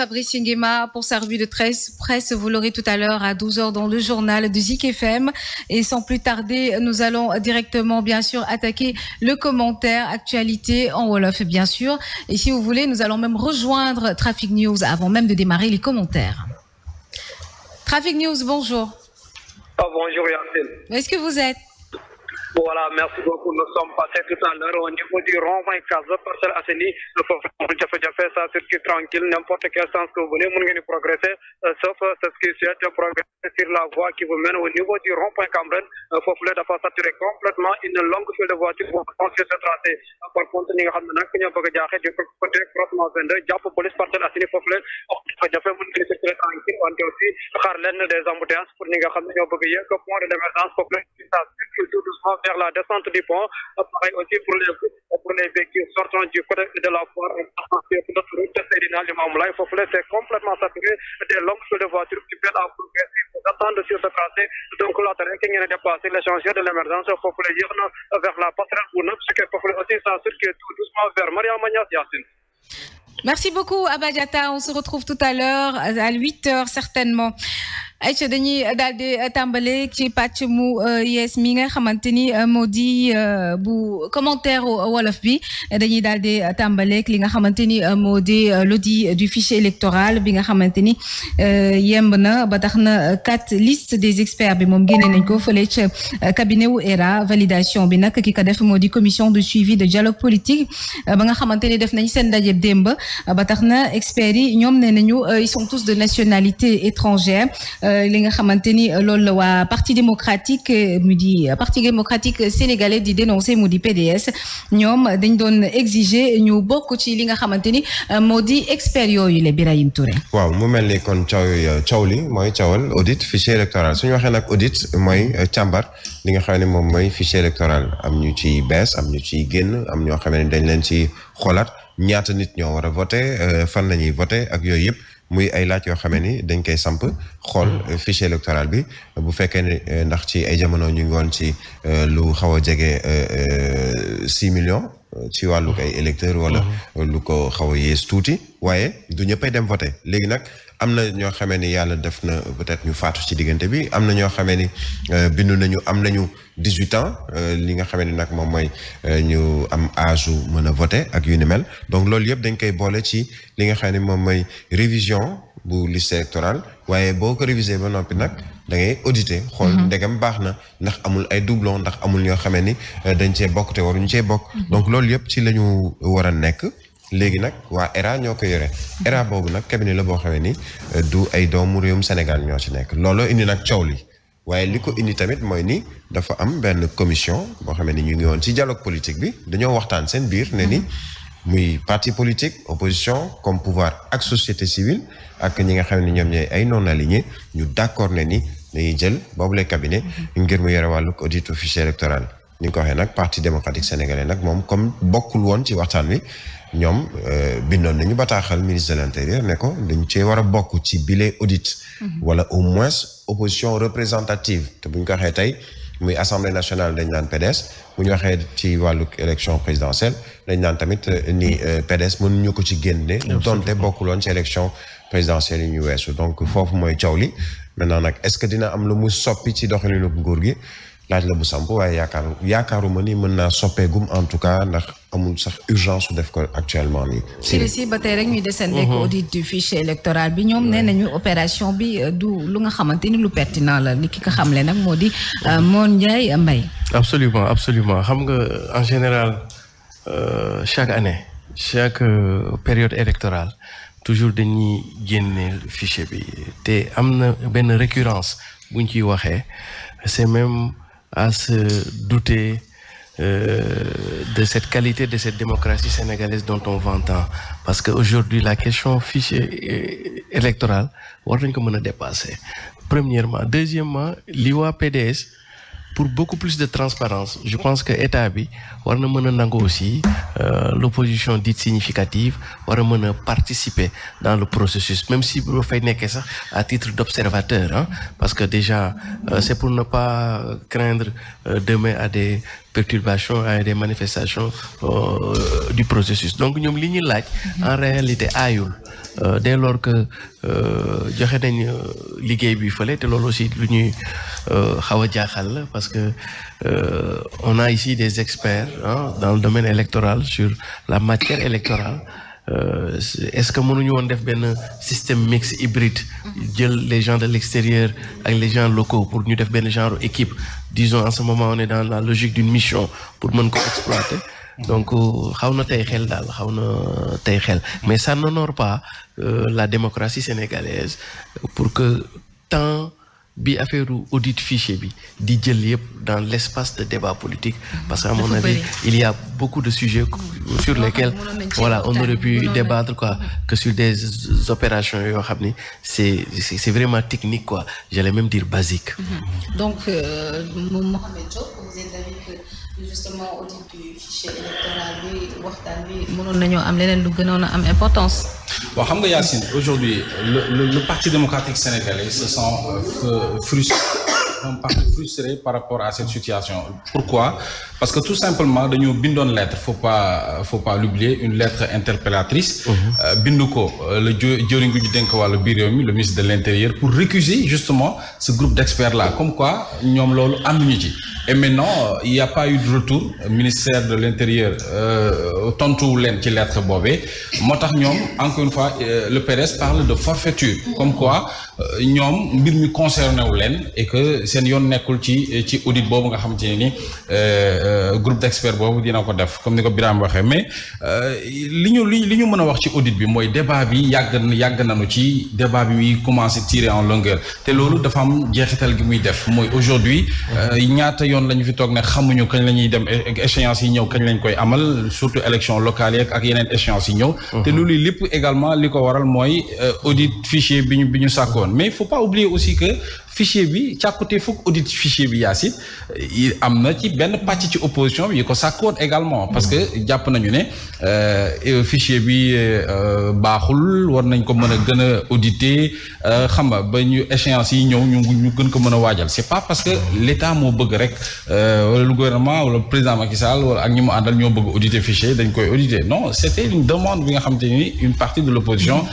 Fabrice Nguema pour sa revue de presse. presse vous l'aurez tout à l'heure à 12h dans le journal de Zik FM. Et sans plus tarder, nous allons directement, bien sûr, attaquer le commentaire actualité en Wolof, bien sûr. Et si vous voulez, nous allons même rejoindre Traffic News avant même de démarrer les commentaires. Traffic News, bonjour. Oh, bonjour, Yacine. Où est-ce que vous êtes Voilà, merci beaucoup. Nous sommes passés tout à l'heure au niveau du rond-point Casa Parcelles Assainies. Foofu amul jafe-jafe, ça circule tranquille, n'importe quel sens que vous voulez, mën ngeen di progresser, euh, sauf euh, ceux qui souhaitent de progresser sur la voie qui vous mène au niveau du rond-point Cambérène. Euh, foofu la dafa saturé complètement une longue file de voitures pour construire ce tracé. Par contre, ñi nga xam ne nag ñoo bëgg a jaaxee du côté croisement 22 jàpp police Parcelles Assainies vers la descente du pont. Euh, pareil pour les véhicules sortant du côté de la foire et euh, partant sur notre route Seydina Limamou Laye foofu la c'est complètement saturé des longues files attendre sur ce tracé donc laata rek ngeen a dépassé l'échangeur de l'émergence foofu la yéex na euh, vers la passerelle bu nëb su fekkee foofu la aussi ça circule tout doucement vers Mariama Niass Yacine. ayca dañuy daal di tàmbale ci pàcc mu euh, yees mi nga xamante ni euh, moo di euh, bu commentaire wolof bi dañuy daal di tàmbaleeg li nga xamante ni moo di l'audit du fichier électoral bi nga xamante ni yemb na ba tax na quatre liste des experts bi moom génne nañ ko fële ca cabinet wu ERA validation bi nag ki ko def moo di commission de suivi de dialogue politique ba nga xamante ni def nañ seen ndaje démb ba tax na experts yi ñoom nee nañu ils sont tous de nationalité étrangère. Euh, li nga xamante ni euh, loolu la waa parti démocratique euh, mu di parti démocratique sénégalais di dénoncer mu di PDS ñoom dañ doon exiger ñu bokk ci li nga xamante ni moo di experts yooyu la Birahim Touré. waaw mu mel ni kon caw caw li mooy cawal audit fichier électoral suñu waxee nag audit mooy càmbar li nga xam ne moom mooy fichier électoral am ñu ci bees am ñu ciy génn am ñoo xam ne dañ leen ci xoolaat ñaata nit ñoo war a voté fan la ñuy voté ak yooyu yëpp. muy ay laaj yoo xamee ni dañ koy samp xool fichier électoral bi bu fekkee ne euh, ndax ci ay jamono ñu ngi woon ci euh, lu xaw a jege euh, six millions ci wàllu ay électeurs wala mm-hmm. lu ko xaw a yées tuuti waaye du ñëppay dem voter léegi nag am na ñoo xamee ni yàlla def na peut-être ñu faatu ci diggante bi am na ñoo xamee ni euh, bindu nañu am nañu dix-huit ans euh, li nga xamee ni nag moom mooy euh, ñu am âge su mën a voter ak yu ni mel donc loolu yëpp dañ koy boole ci li nga xam ne moom mooy révision bu liste électorale waaye boo ko réviser ba noppi nag da ngay audité xool mhm. ndegam baax na ndax amul ay doublon ndax amul ñoo xamee ni dañ cee bokk te waruñu cee bokk mhm. donc loolu yëpp ci la ñu war a nekk léegi nag waa ERA ñoo ko yore ERA boobu nag cabinet la boo xamee ni euh, du ay doomu réewum Sénégal ñoo ci nekk looloo indi nag coow li waaye li ko indi tamit mooy ni dafa am benn commission boo xamee ni ñu ngi woon ci dialogue politique bi dañoo waxtaan seen biir ne ni muy parti politique opposition comme pouvoir ak société civile ak ñi nga xam ne ñoom ñooy ay non aligné ñu d'accord ne ni dañuy jël boobu boobule cabinet ngir mu yore wàllu audit officiel électoral ni nga ko waxee nag parti démocratique sénégalais nag moom comme bokkul woon ci waxtaan wi ñoom euh, bindoon nañu bataaxal ministre de l'intérieur ne ko dañ cee war a bokk ci bile audit. Mhm. wala au moins opposition représentative te bu ñu ko waxee tey muy assemblée nationale dañ naan PDS bu ñu waxee ci wàllu élection présidentielle dañ naan tamit euh, ni euh, PDS mënuñu ko ci génne. donte bokkuloon ci élection présidentielle yi ñu weesu donc foofu mooy coow li maintenant nag est-ce que dina am la mu soppi ci doxalinu nguur gi laaj la bu samp waaye yaakaaru yaakaaruma ni mën naa soppeegum en tout cas ndax. amul sax urgence su def ko actuellement nii. si si ba tey rek ñuy descendre. Mhm. audit du fichier électoral bi ñoom nee nañu opération bi euh, du lu nga xamante ni lu pertinent la li ki nga xamle nag moo di euh, Mon Ndiaye Mbaye. absolument absolument xam nga en général euh, chaque année chaque période électorale toujours dañuy génne fichier bi te am na benn récurrence buñ ciy waxee c'est même à se douter. Euh, de cette qualité de cette démocratie sénégalaise dont on vend tant parce que aujourd'hui la question fichier électoral war nañ ko mën a dépasser premièrement deuxièmement li waa PDS pour beaucoup plus de transparence je pense que état bi war na mën a nangu aussi euh, l'opposition dite significative war a mën a participer dans le processus même si bu fay nekkee sax à titre d'observateur hein parce que déjà euh, c'est pour ne pas craindre euh, demain à des perturbations à des manifestations du processus donc ñoom li ñuy laaj en réalité aayul Euh, dès lors que euh, joxe nañ euh, liggéey bi fële te loolu aussi lu ñuy xaw a jaaxal la parce que on a ici des experts dans le domaine électoral sur la matière électorale Euh, est-ce que mënuñu woon def benn système mix hybride jël les gens de l'extérieur ak les gens locaux pour ñu def benn genre équipe disons en ce moment on dans la logique d'une mission pour mën ko exploiter donc xaw na tey xel daal xaw na tey xel mais ça n'honore pas euh, la démocratie sénégalaise pour que temps bi affaire audit fichier bi di jël yëpp dans l'espace de débat politique parce que à na avis il y a beaucoup de sujets sur lesquels voilà on aurait pu débattre quoi que sur des opérations yoo xam ni c'est c'est vraiment technique quoi j'allais même dire basique mm-hmm. euh, justement audit du fichier nañoo am leneen lu gënoon a am importance. waaw xam nga Yacine aujourd'hui le le parti démocratique sénégalais se sent euh, frustré un parti frustré par rapport à cette situation pourquoi parce que tout simplement dañoo bindoon lettre faut pas faut pas l'oublier une lettre interpellatrice mhm. euh, bindu ko euh, le jëriñ gu ñu dénk wàllu biir réew mi le ministre de l'intérieur pour récuser justement ce groupe d'experts la comme quoi ñoom loolu ànduñu ci et maintenant il y a pas eu de retour ministère de l'intérieur euh, tontu leen ci lettre boobe moo tax ñoom encore une fois euh, le PDS parle de forfaiture comme quoi euh, ñoom mbir mi concerné wu leen et que seen yoon nekkul ci ci audit boobu nga xamante ne ni groupe d'experts boobu dina ko def comme ni ko Birame waxee mais li ñu li li ñu mën a wax ci audit bi mooy débat bi yàgg na yàgg nañu ci débat bi muy commencé tirer en longueur te loolu dafa am jeexital gi muy def mooy aujourd'hui ñaata yoon la ñu fi toog ne xamuñu kañ la dem échéance yi ñëw kañ lañ koy amal surtout élection locale yeeg ak yeneen échéance yi ñëw te loolu lépp également li ko waral mooy euh, audit fichier bi ñu bi mais il faut pas oublier aussi que fichier bi càkkutee fukk audit fichier bi yaa si am na ci benn pàcc ci opposition yi ko woon également parce que jàpp nañu ne euh, fichier bi euh, baaxul war nañ ko mën a gën a auditer euh, xam nga ba ñu échéance yi ñëw ñu ñu gën ko mën a waajal c'est pas parce que l'état moo bëgg rek wala le gouvernement wala président Macky Sall wala ak ñu mu àndal ñoo bëgg auditer fichier dañ koy auditer non c'était une demande bi nga xam te ni une partie de l'opposition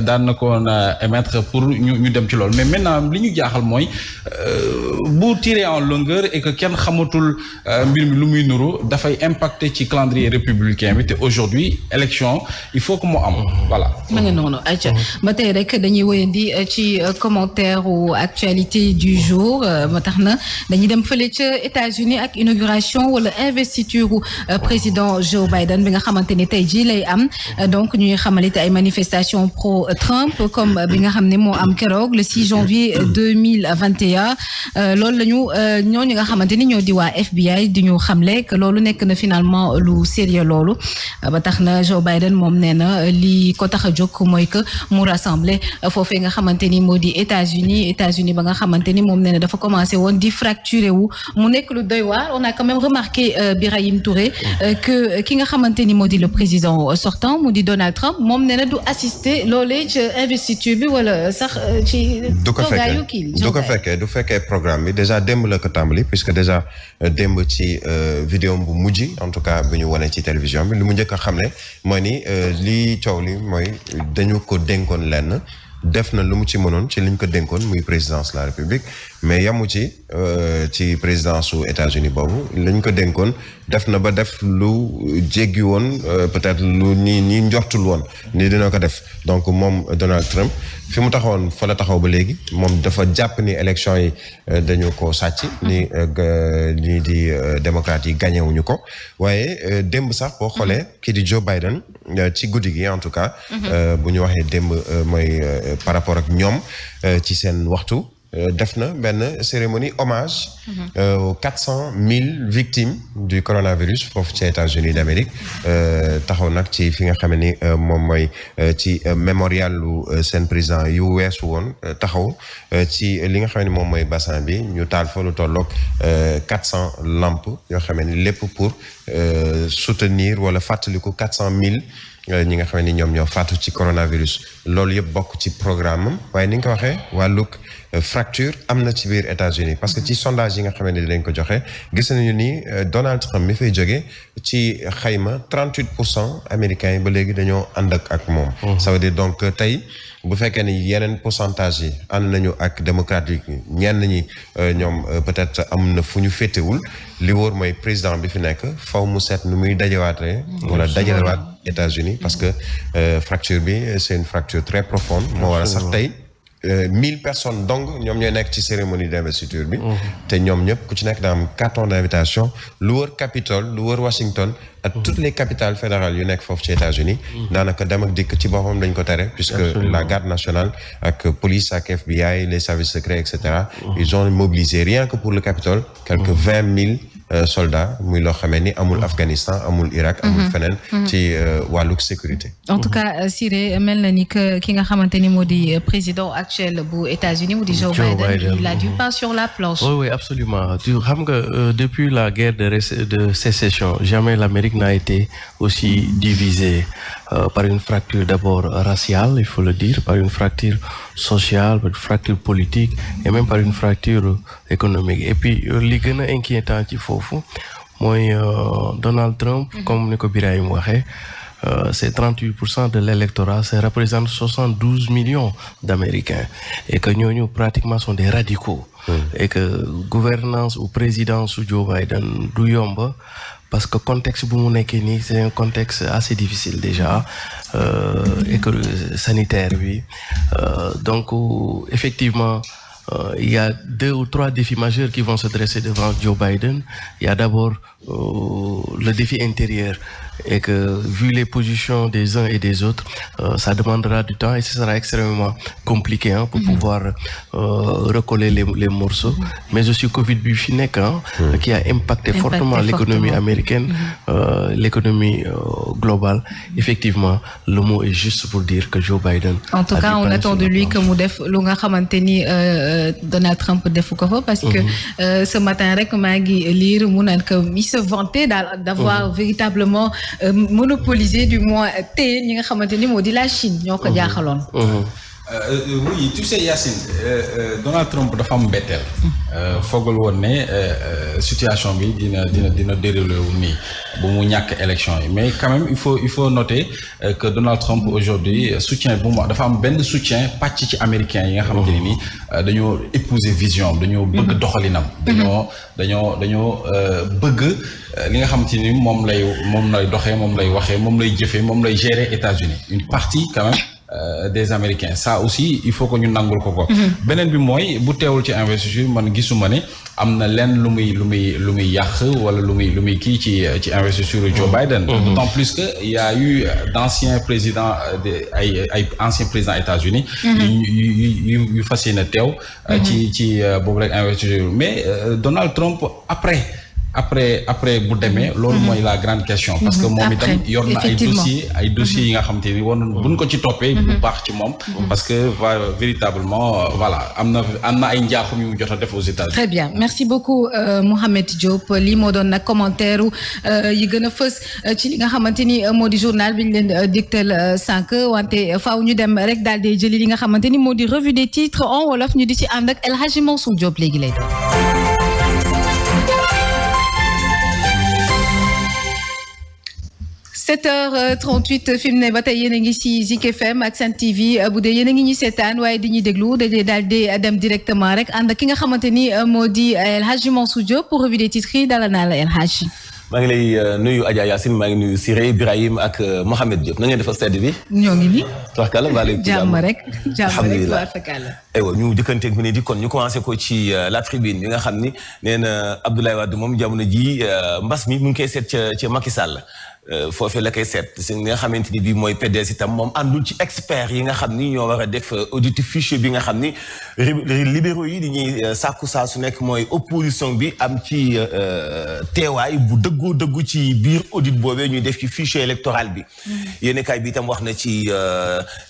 daan na koon émettre pour ñu ñu ci loolu mooy euh, bu tiré en longueur et que kenn xamatul euh, mbir mi lu muy nuru dafay impacter ci calendrier républicain bi te aujourd'hui élection il faut que mu am voilà. ma nga noonu ayca ba tey rek dañuy wëyandi euh, ci commentaire ou actualité du jour ma tax na dañuy dem fële ca États-Unis ak inauguration wala investiture président Joe Biden bi nga xamante ni tey jii lay am donc ñuy xamalite ay manifestations pro Trump comme bi nga xam ne moo am keroog le janvier 2021 euh, loolu la ñu euh, ñooñu nga xamante ni ñoo di waa FBI di ñu xamle que loolu nekk na finalement lu sérieux loolu euh, ba tax na Joe Biden moom nee na li ko xa a jóg mooy que mu rassemble foofee nga xamante ni moo di États-Unis États-Unis ba nga xamante ni moom nee na dafa commencé woon di fracturer wu mu nekk lu doy waar on a quand même remarqué Birahim Touré que ki nga xamante ni moo di le président sortant mu di Donald Trump moom nee na du assister loolee ci investiture bi wala sax ci du ko fekkee du fekkee programme bi déjà démb la ko tàmbali que déjà euh, démb ci euh, vidéo bu mujj en tout cas bu ñu wane ci télévision bi lu mu njëkk a xam ne mooy ni euh, lii coow li mooy dañu ko dénkoon lenn def na lu mu ci mënoon ci liñ ko dénkoon muy présidence la république mais yamu ci euh, ci présidence su États-Unis boobu lañ ko dénkoon def na ba def lu jéggi woon euh, peut-être lu ñi ñi njortul woon ni dina ko def donc moom Donald Trump fi mu taxawoon fa la taxaw ba léegi moom dafa jàpp ni élection yi euh, dañu ko sàcc ni ñii di démocrates yi gagné ko waaye démb sax boo xoolee mm-hmm. kii di Joe Biden ci guddi gi en tout cas mm-hmm. bu ñu waxee démb mooy par rapport ak ñoom ci seen waxtu Euh, def na benn cérémonie hommage mhm. euh, aux quatre cent mille victimes du coronavirus foofu ci États-Unis d'Amérique mhm. euh, taxaw nag ci fi nga xam ne ni moom mooy ci mémorial seen président yu weesu woon taxaw ci li nga xam ne moom mooy bassin bi ñu taal fa lu tolloog quatre cent lampes yoo xam ne lépp pour soutenir wala fàttaliku quatre cent mille ñi nga xam ne ni ñoom ñoo faatu ci coronavirus loolu yëpp bokk ci programme am waaye ni nga ko waxee wàllug euh, fracture am na ci biir États-Unis parce que ci sondage yi nga xamante ni dañ ko joxe gis nañu ni euh, Donald Trump mi fay jóge ci xayma trent 38 pour cent américains yi ba léegi dañoo ànd ak ak moom. Mhm. ça veut dire donc euh, tey bu fekkee ni yeneen pourcentage yi ànd nañu ak démocratique yi ñenn ñi ñoom peut-être am na fu ñu féetewul li wóor mooy président bi fi nekk faw mu seet nu muy dajawaatee. Mhm. wala dajalewaat États-Unis parce que fracture bi c'est une candidature très profonde moo war a sax tey euh, mille personnes donc ñoom ñooy nekk ci cérémonie d'investiture bi mhm. te ñoom ñëpp ku ci nekk daa am carton d'invitation lu wër Capitole lu wër Washington ak mhm. toutes les capitales fédérales yu nekk foofu ci États-Unis mhm. daanaka dem ak dikk ci boppam dañ ko tere puisque la garde nationale ak police ak FBI les services secrets et ils ont mobilisé rien que pour le Capitole quelque Euh, soldat muy loo xamee ni amul Afghanistan amul Irak amul mhm. feneen mhm. ci euh, wàlluk sécurité en tout cas euh, Siré mel na ni que ki nga xamante ni moo di président actuel bu États-Unis mu di Joe Biden il a du mhm. pain sur la planche oui absolument tu xam nga depuis la guerre de sécession jamais l'Amérique n'a été aussi divisée euh, par une fracture d'abord raciale, il faut le dire, par une fracture sociale, par une fracture politique et même par une fracture économique. Et puis euh, li gën a inquiétant ci foofu mooy euh, Donald Trump mm comme ni ko Birahim waxee Euh, c'est 38 pour cent de l'électorat ça représente 72 millions d'Américains et que ñooñu pratiquement sont des radicaux mhm. et que gouvernance ou présidence su Joe Biden du yomba parce que contexte bu mu nekkee nii c'est un contexte assez difficile déjà euh, et que sanitaire bi euh, donc euh, effectivement il y a deux ou trois défis majeurs qui vont se dresser devant Joe Biden il y a d'abord le défi intérieur et que vu les positions des uns et des autres, euh, ça demandera du temps et ce sera extrêmement compliqué hein, pour mm -hmm. pouvoir euh, recoller les, les morceaux. Mm -hmm. Mais aussi Covid bi fi nekk mm. qui a impacté, impacté fortement l'économie américaine, mm-hmm. euh, l'économie euh, globale. Mm-hmm. Effectivement, le mot est juste pour dire que Joe Biden. En tout cas, on attend de lui que mu def lu nga xamante ni euh, Donald Trump defu ko fa parce que mm-hmm. ce matin rek maa lire mu que il vantait d'avoir véritablement Euh, monopoliser du moins téye ñi nga xamante ni moo di la Chine ñoo ko mhm. jaaxaloon. Mhm. Euh, euh, oui tu sais Yacine euh, Donald Trump dafa am mbetteel. foogal woon ne situation bi dina dina dina déroulé wu nii bu mu ñàkk élection yi mais quand il faut il faut noter que Donald Trump aujourd'hui soutien bu mu dafa am benn soutien pàcc ci américain yi nga xamante ne nii dañoo épouser vision am dañoo bëgg mhm. doxalinam. Mhm. dañoo dañoo dañoo bëgg li nga xamante ni moom lay moom lay doxee moom lay waxee moom lay jëfee moom lay gérer États-Unis une partie quand Euh, des américains ça aussi il faut que ñu nangul ko ko. Mhm. beneen bi mooy bu teewul ci investiture man gisuma ne am na lenn lu muy lu muy lu muy yàq wala lu muy lu muy kii ci ci investiture Joe mhm. Biden. Mhm. d'autant plus que y a eu d'anciens présidents euh, ay ay anciens présidents États-Unis yu yu yu fas yéene teew. Euh, ci ci boobu rek investiture mais Donald Trump après. après après bu demee. Mhm. loolu mooy mhm. la grande question. parce que mhm. moom itam yor na ay dossiers ay dossiers yi nga xam te ni war ko ci toppee. bu baax ci moom. parce que va véritablement voilà am na am ay njaaxum yu mu jot a def aux États-Unis très bien merci beaucoup euh, Mouhamed lii moo doon nag commentaire euh, yi gën a fës euh, ci li nga xamante ni moo di journal bi ñu leen digteel sànq wante faw ñu dem rek daal di jëli li nga xamante ni moo di revue des titres en wolof ñu di ci ànd ak El Hadji Mansour léegi lay 7h38 fi mu ne ba tey yéen a ngi si Zik FM ak Sen TV bu dee yéen ngi ñuy seetaan waaye di ñuy déglu dañuy dem directement rek ànd ki nga xamante ni euh, moo di euh, El Hadji Mansour Diop pour revue des titres yi naa la El Hadji. maa ngi lay euh, nuyu Adja Yacine maa ngi nuyu Siré Ibrahim ak Mohamed Diop na ngeen defal sedd bi. ñoo ngi nii. tubarkalla maa lay. jàmm rek jàmm rek tubarkalla. aywa ñu jëkkanteeg mi ne di kon ñu commencé ko ci la tribune bi nga xam ni nee na Abdoulaye moom jamono ji mbas mi mu ngi koy seet ca ca Macky Euh, foofee la koy seet si nga xamante ni bii mooy PDS itam moom àndul ci expert yi nga xam ni ñoo war a def euh, audit fichier bi nga xam ni libéraux yi di ñuy euh, sàkku saa su nekk mooy opposition bi am ci teewaay bu dëggoo dëggu ci biir audit boobee ñuy def ci fichier électoral bi. Mm-hmm. yéen kaay bi itam wax na ci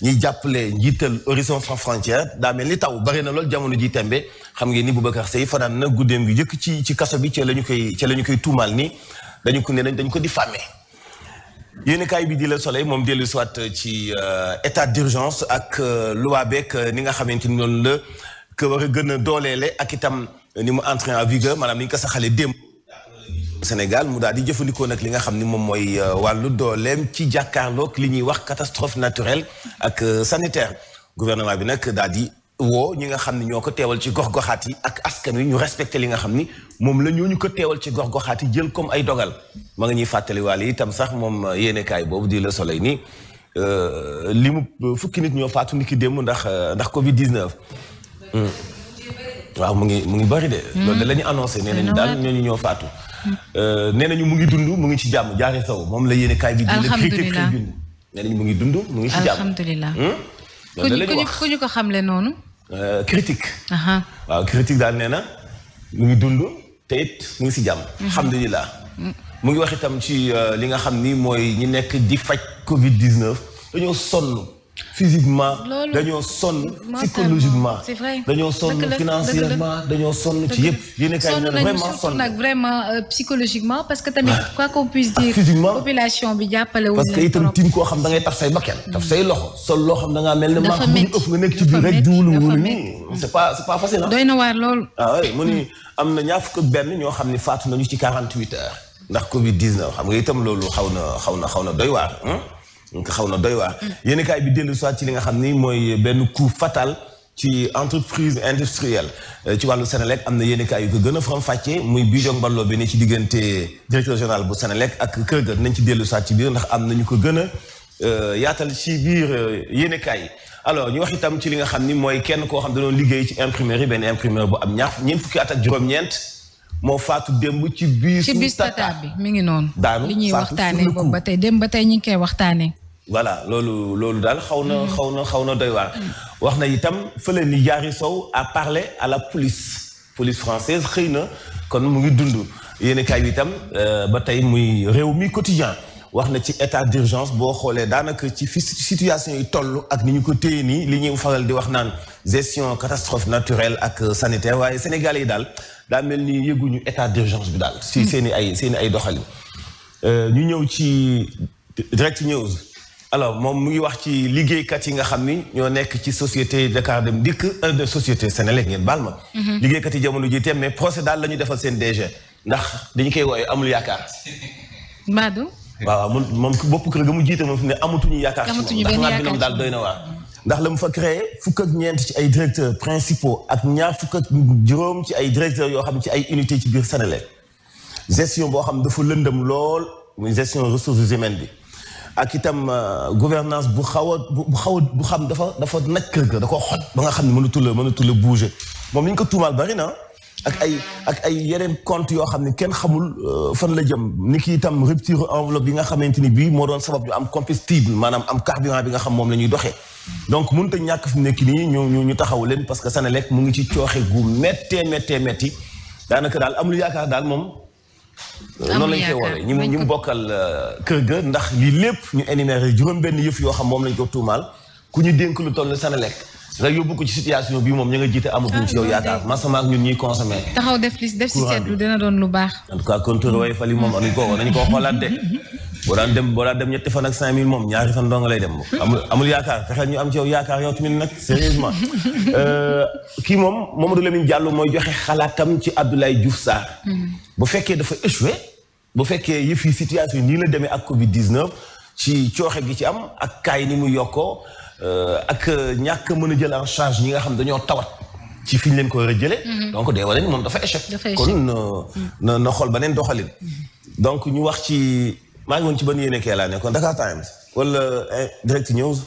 ñuy jàppale njiital Horizon Sans Frontières daa ni taw bari na lool jamono ji tembe xam ngeen ni Boubacar Seye fanaan na guddeem gi yëkk ci ci kaso bi ci la ñu koy ci la ñu koy tuumaal ni dañu ko ne dañ ko di fàmmee. yéenekaay bi di la Soleil moom dellu si waat ci euh, état d'urgence ak euh, loi beeg euh, ni nga xamante ni noonu la que war a gën a dooleele ak itam ni mu entré en vigueur maanaam ni ko saxalee démb. Sénégal mu daal di jëfandikoo nag li nga xam ni moom mooy wàllu dooleem ci jàkkaarlook li ñuy wax catastrophe naturelle ak sanitaire gouvernement bi nag daal di. woo ñi nga xam ne ñoo ko teewal ci gox-goxaat yi ak askan wi ñu respecté li nga xam ni moom la ñu ko teewal ci gox-goxaat yi jël comme ay dogal ma nga ñuy fàttaliwaale itam sax moom euh, yéenekaay boobu di Le Soleil nii euh, li mu euh, fukki nit ñoo faatu ni ki démb ndax ndax Covid 19. Mm. waaw mu ngi mu ngi bëri de. Mm. loolu de la ñu annoncé nee nañu daal mm. ñooñu ñoo faatu. nee nañu mu ngi dund mu ngi ci jàmm jaare saw moom la yéenekaay bi. alhamdulilah di la critique nee nañu mu ngi dund mu ngi ci jàmm. alhamdulilah hmm? loolu ñu wax ku ñu noonu. Euh, critique. waaw critique daal nee na mu ngi dund te it mu ngi si jàmm. Mhm. alhamdulilah. Mm. mu ngi wax itam ci euh, li nga xam ni mooy ñi nekk di faj Covid 19 dañoo sonn. physiquement dañoo sonn psychologiquement dañoo sonn financièrement dañoo sonn ci yëpp yéen kay vraiment sonn nag vraiment euh, psychologiquement parce que tamit quoi qu'on puisse ah, bi jàppale parce que koo xam da ngay tax say bakkan taf say loxo sol loo xam da ngaa mel ne maak bu ñu ëpp nga nekk ci biir rek diwulu wulu nii c'est pas c'est pas doy na waar lool ah mu ni am na ñaar fukk benn ñoo xam ne faatu nañu ci quarante huit heures ndax covid 19 xam nga itam loolu xaw na xaw na xaw na doy waar donc xaw na doy waar. yéen kaay bi dellu soit li nga xam ni mooy benn coup fatal ci entreprise industrielle euh, ci wàllu Sénélec am na yéen kaay yu ko gën a faram-fàccee muy Bijou Mballo bi ne ci diggante directeur général bu Sénélec ak kër ga nañ ci dellu soit ci biir ndax am na ñu ko gën a euh, yaatal ci biir euh, yéen kaay yi. alors ñu wax itam ci li nga xam ni mooy kenn koo xam da doon liggéey ci imprimerie benn imprimeur bu am ñaar ñeent fukki at ak juróom-ñeent. moo faatu démb ci biis. ci biis tata bi mi ngi noonu. daanu li ñuy waxtaanee boobu voilà loolu loolu daal xaw na mm. xaw na xaw na doy waa wax na itam fële ni Diary Sow a parle à la police police française xëy na kon mu ngi dund yéen kaay bi itam euh, ba tey muy réew mi quotidien wax na ci état d'urgence boo xoolee daanaka ci fi situation yi toll ak ni ñu ko téye nii li ñuy faral di wax naan gestion catastrophe naturelle ak sanitaire waaye Sénégalais yi daal daa mel ni yëguñu état d'urgence bi daal si mm. seen i ay seen ay doxalin euh, ñu ñëw ci direct news alors moom muy wax ci liggéeykat yi nga xam ni ñoo nekk ci société Dakar Dem Dikk de société Senelec ngeen baal ma. Mhm. liggéeykat yi jamono ji tem mais procès daal la ñu defal seen DG ndax dañu koy woowee amul yaakaar. Badou. waaw moom moom bopp kër ga mu jiite moom fi ne amatuñu yaakaar. amatuñu benn yaakaar ndax daal doy na waa ndax la mu fa créé fukk ñeent ci ay directeur principaux ak ñaar fukk ak juróom ci ay directeurs yoo xam ci ay unité ci biir Senelec gestion boo xam dafa lëndëm lool muy gestion ressources humaines bi. ak itam euh, gouvernance bu xaw a bu bu xam dafa dafa naj kër ga da koo xoj ba nga xam ne mënatul a mënatul a bouger moom li ko tuumaal bari na ak ay ak ay yeneen compte yoo xam ne kenn xamul euh, fan la jëm ni ki itam rupture enveloppe yi nga xamante ni bii moo doon sabab ñu am combustible maanaam am bi nga xam moom la ñuy doxee donc mënut a ñàkk fi nekk nii ñu ñu ñu taxaw leen parce que lekk mu ngi ci cooxe gu méttee méttee métti daanaka daal amul yaakaar daal moom Euh, noonu lañ koy woowee ñi mu bokkal euh, kër ga ndax lii lépp ñu énuméré juróom-benn yëf yoo xam moom lañ ko tuumaal ku ñu dénk lu toll Senelec nga yóbbu ko ci situation bi moom ñu nga jiite amatuñ ci yow ah, yaakaar masama ak ñun ñuy consommé. taxaw def li def si seetlu dina doon lu baax. moom nañu ko nañu ko xoolaat de boo daan dem boo daan dem ñetti fan ak cinq moom ñaari fan dong lay dem amul amul yaakaar fexeel ñu am ci yow yaakaar yow tamit nag sérieusement euh, kii moom Mamadou Lamine Diallo mooy joxe xalaatam ci Abdoulaye Diouf Sarr. Hmm. bu fekkee dafa échoué bu fekkee yëf yi situation nii la demee ak Covid 19 ci cooxe gi ci am ak kaay ni mu yokkoo euh, ak ñàkk mën a jël en charge ñi nga xam dañoo tawat ci fi ñu leen ko war a jëlee. Mhm. donc dee wala ni moom dafa échec. kon euh, mhm. na na xool beneen doxalin. Mhm. donc ñu wax ci maa ngi woon ci ban yéene kee laa nekkoon Dakar Times wala eh, Direct News.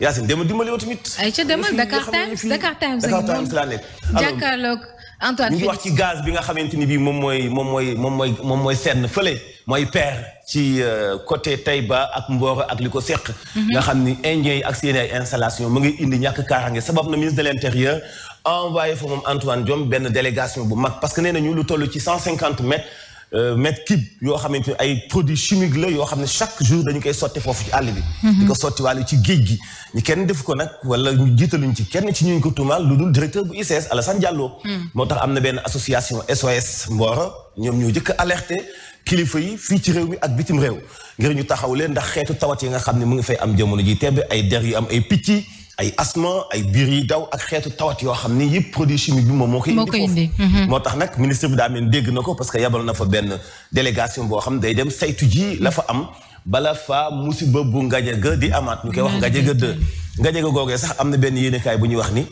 Yacine dama dimale yow tamit. ay ca demal Dakar Times Dakar Times laa nekk. jàkkaarloog. Antoine ñu ngi wax ci gaz bi nga xamante ni bii moom mooy moom mooy moom mooy moom mooy senn fële mooy peer ci euh, côté Taïba ak Mboro ak li ko seq. Mhm. nga xam ni Indien yi ak seen ay installation mu ngi indi ñàkk kaaraange sabab na ministre de l' intérieur envoyé fa moom Antoine Diome benn délégation bu mag parce que nee na ñu lu toll ci cent cinquante mètres. Euh, mettre kib yoo xamante ne ay produits chimique la yoo xam ne chaque jour dañu koy sotti foofu ci àll bi. Mhm. di ko sotti wàllu ci géej gi. ñu kenn def ko nag wala ñu jiitaluñ ci kenn ci ñu ko tuumaal lu dul directeur bu ICS Alassane Diallo. Mhm. moo tax am na benn association SOS Mboro ñoom ñoo jëkk alerté kilifa yi fii ci réew mi ak bitim réew ngir ñu taxaw leen ndax xeetu tawat yi nga xam ne mu ngi fay am jamono ji tembe ay der yu am ay picc. ay asthme ay biir daw ak xeetu tawat yoo xam ni yëpp produit chimique bi moom moo koy indi moo mhm. tax nag ministre bi daa mel dégg na ko parce que yabal na fa benn délégation boo xam day dem saytu ji la fa am bala fa musiba bu ga di amaat ñu koy wax Ngadiaga 2 Ngadiaga googee sax am na benn yenekaay bu ñuy wax ni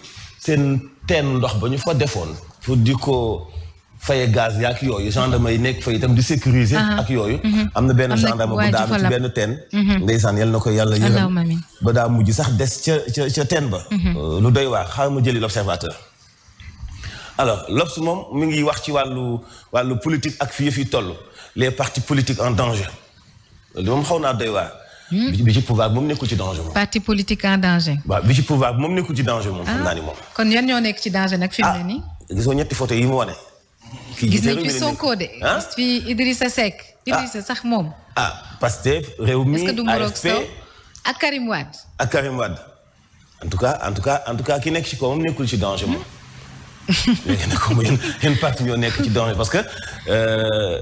seen teen ndox ba ñu fa defoon pour di ko faye gaz yi ak yooyu gendarme yi nekk fa itam di sécuriser. ak yooyu. Mhm. am na benn gendarme bu daanu benn teen. Mhm. ndeysaan yal na ko yàlla yërëm ba daa mujj sax des ca ca ca teen ba. Mhm. Euh, lu doy waa xaaral ma jëli l'observateur. alors l'Obs moom mu ngi wax ci wàllu wàllu politique ak fi yëf yi toll les partis politiques en danger moom xaw naa doy waa hmm? bi ci pouvoir moom nekkul ci danger moom. parti politique en danger. waaw bi ci pouvoir bi moom nekkul ci danger moom. xam ah. naa ni moom. kon yan ñoo nekk ci danger nag fi mu ne ah, nii. gisoo ñetti photo yi mu wane. gis nañ fi Sonko de ah? gis fi Idrissa Seck ah. sax moom ah Pastef réew mi AFP ak Karim en tout cas en tout cas en tout cas ki nekk ci kawam nekkul ci danger moom hmm? léegi nag comme yéen yéen parti ñoo nekk ci danger parce que euh,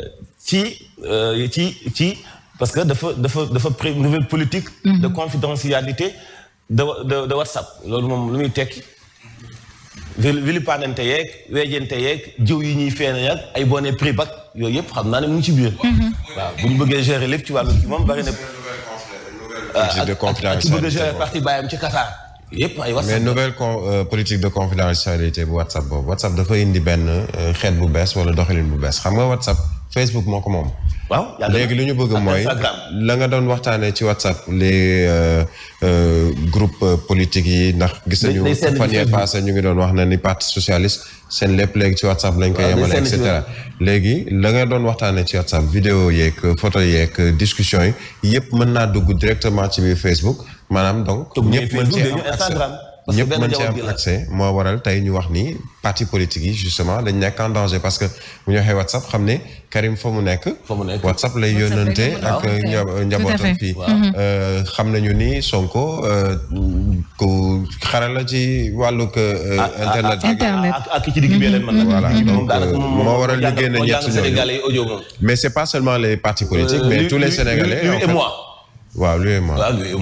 euh, ci ci parce que dafa dafa dafa nouvelle politique hmm. de confidentialité de WhatsApp loolu moom lu muy tekki vilipendente yeeg weejente yeeg jiw yi ñuy feeñee ak ay bone prix bac yooyu yëpp xam naa ne mu ci biir. Mhm. waaw bu ñu bëggee gérer lépp ci wàllu kii moom bari na. Ah, de confidentialité ci bëgg a gérer parti bàyyam ci Qatar. yëpp ay WhatsApp mais nouvelle euh, politique de confidentialité bu WhatsApp boobu WhatsApp dafa indi benn euh, xeet bu bees wala doxalin bu bees xam nga WhatsApp Facebook moo ko moom. waaw léegi li ñu bëgg mooy la nga doon waxtaanee ci whatsapp les euh, euh, groupe euh, politiques yi ndax gis nañu fan yee passé ñu ngi doon wax na ni parti socialiste seen lépp léegi ci whatsapp lañ ko yemale et cetera léegi la nga doon waxtaanee ci whatsapp vidéo yeeg photo yeeg discussion yi yëpp mën naa dugg directement ci biir facebook maanaam donc ñëpp mën cee am accès parce que ci am accès moo waral tey ñu wax nii parti politique yi justement dañ nekk en danger parce que bu ñu waxee WhatsApp xam ne Karim fa mu nekk. fa mu nekk WhatsApp lay yónnante ak njabootam fii. Euh, xam nañu ni Sonko euh, ku xarala ci wàllug. Euh, ah, ah, internet internet ak ci digg bi leen mën voilà donc waral ñu génne ñett ñooñu mais c'est pas seulement les partis politiques mais tous les Sénégalais. waaw lui et moi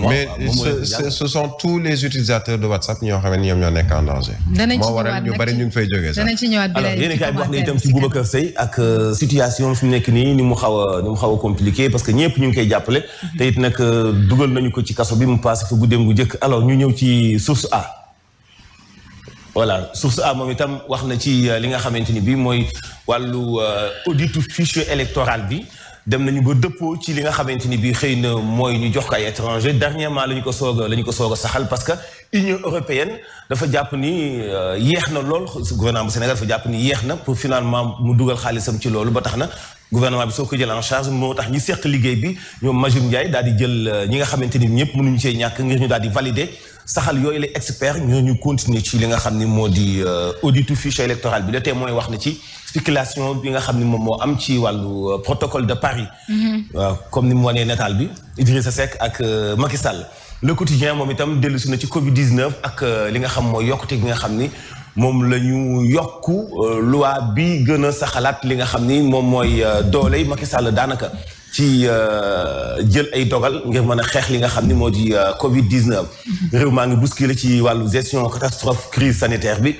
mais ce ce sont tous les utilisateurs de WhatsApp ñoo xam ne ñoom ñoo nekk en danger. moo waral ñu bari ñu ngi fay jógee sax danañ ci ñëwaat alors yéen kaay bi wax na itam si Boubacar Seye ak euh, situation fi mu nekk nii ni mu xaw a ni mu xaw a compliqué parce que ñëpp ñu ngi koy jàppale. Mhm. te it nag euh, dugal nañu ko ci kaso bi mu passé fa guddeem gu njëkk alors ñu ñëw ci source A. voilà source A moom itam wax na ci euh, li nga xamante ni bii mooy wàllu auditu fichier électoral bi. dem nañu ba dëppoo ci li nga xamante ni bii xëy na mooy ñu jox ko ay étranger dernièrement la ñu ko sooga a la ñu ko soog a saxal parce que Union européenne dafa jàpp ni euh, yeex na lool gouvernement bu Sénégal dafa jàpp ni yeex na pour finalement mu dugal xaalisam ci loolu ba tax na gouvernement bi soo ko jël en charge moo tax ñi seq liggéey bi ñoom Majum Ndiaye daal di jël euh, ñi nga xamante ni ñëpp mënuñu see ñàkk ngir ñu daal di valider saxal yooyu la expert ñoo ñu continuer ci li nga xam ni moo di euh, auditu fichier électoral bi le témoin wax na ci spéculation bi nga xam ni moom moo am ci wàllu euh, protocole de Paris. Mm-hmm. waaw comme ni mu wanee nataal bi Idrissa Seck ak euh, Macky Sall. le quotidien moom itam dellu si na ci Covid 19 ak li nga xam mooy yokkute gi nga xam ni moom la ñu yokku loi bi gën a saxalaat li nga xam ni moom mooy doole Macky Sall daanaka. ci euh, jël ay dogal ngir mën a xeex li nga xam ni moo di euh, Covid 19. réew maa ngi bousculé ci wàllu gestion catastrophe crise sanitaire bi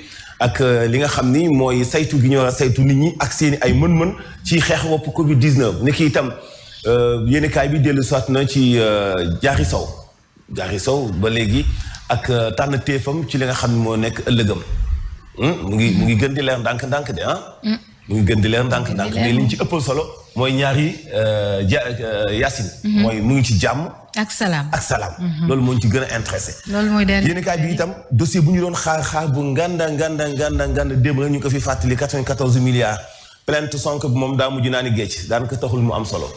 ak euh, li nga xam ni mooy saytu gi ñu war a saytu nit ñi ak seen ay mën-mën ci xeex wopp Covid 19 ni ki itam yéen kaay bi dellu soit na ci jaari sow jaari sow ba léegi ak tànn téefam ci li nga xam ni moo nekk ëllëgam hmm? mu ngi mu ngi gën di leer ndànk-ndànk de ah. Hmm. mu ngi gën di leen ndànk ndànk mais li ñu ci ëppal solo mooy ñaari euh, ja euh, yasin mhm. mooy mu ngi ci jàmm ak salaam ak salaam mhm. loolu moo ñu ci gën a intéressé yéen kaay bi itam dossier bu ñu doon xaar xaar bu nganda nganda nganda nganda démb rek ñu ko fi fàttali 94 milliards plainte Sonko bi moom daa mujj naa ni géej daanaka taxul mu am solo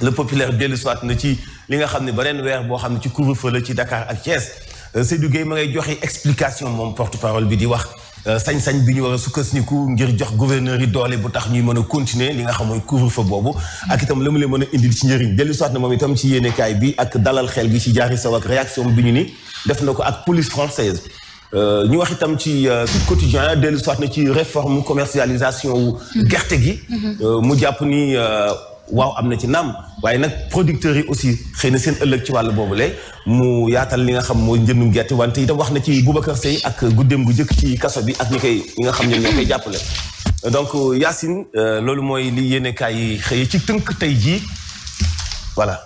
le populaire dellu soit na ci li nga xam ne beneen weer boo xam ne ci couvre-feu ci Dakar ak Thiès euh, Seydou Gueye ma ngay joxe explication moom porte parole bi di wax Euh, sañ-sañ bi ñu war a sukkandiku ngir jox gouverneur yi doole bu tax ñuy mën a continuer li nga xam mooy couvre-feu boobu ak itam la mu leen mën a indil ci njëriñ dellu soit na moom itam ci yéenekaay bi ak dalal xel gi ci jaari saw ak réaction bi ñu ni def na ko ak police française euh, ñu wax itam ci euh, Sud Quotidien dellu soit na ci réforme commercialisation wu mm-hmm. gerte gi mm-hmm. mu jàpp ni waaw am na ci naam waaye nag producteurs yi aussi xëy na seen ëllëg ci wàllu boobule mu yaatal li nga xam mooy njëndum gerte wante yi itam wax na ci Boubacar Seye ak guddeem gu jëkk ci kaso bi ak ñu koy ñi nga xam ne ñoo koy jàppale. donc Yacine euh, loolu mooy li yéenekaay yi xëy ci tënk tey jii voilà.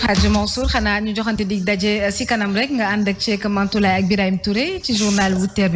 Hadji Mansour xanaa ñu joxante di daje euh, si kanam rek nga ànd ak Cheikh Mantoulaye ak Birahim Touré ci journal wu